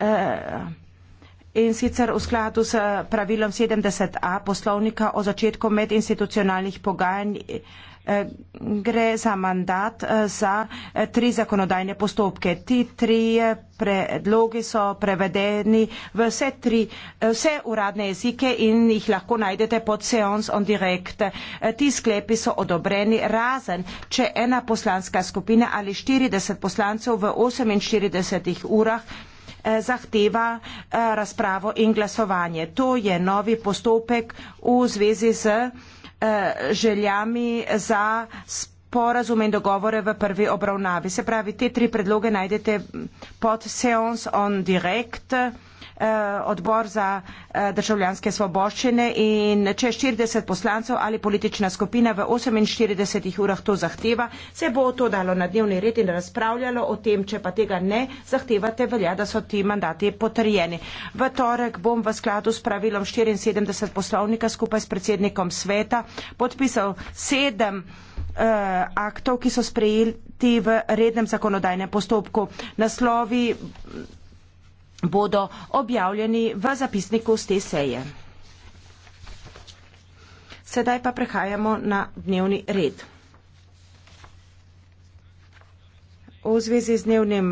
Eh, in sicer v skladu s pravilom 70a poslovnika o začetku medinstitucionalnih pogajanj eh, gre za mandat eh, za tri zakonodajne postopke. Ti tri predlogi so prevedeni v vse, tri, vse uradne jezike in jih lahko najdete pod Seance on Direct. Ti sklepi so odobreni razen, če ena poslanska skupina ali 40 poslancev v 48 urah Eh, zahteva eh, razpravo in glasovanje. To je novi postopek v zvezi z eh, željami za sporazume in dogovore v prvi obravnavi. Se pravi, te tri predloge najdete pod Seance on Direct. Eh, odbor za eh, državljanske svoboščine in če 40 poslancev ali politična skupina v 48 urah to zahteva, se bo to dalo na dnevni red in razpravljalo o tem, če pa tega ne zahtevate, velja, da so ti mandati potrjeni. V torek bom v skladu s pravilom 74 poslovnika skupaj s predsednikom sveta podpisal sedem eh, aktov, ki so sprejeli v rednem zakonodajnem postopku. Naslovi bodo objavljeni v zapisniku z te seje. Sedaj pa prehajamo na dnevni red. V zvezi z dnevnim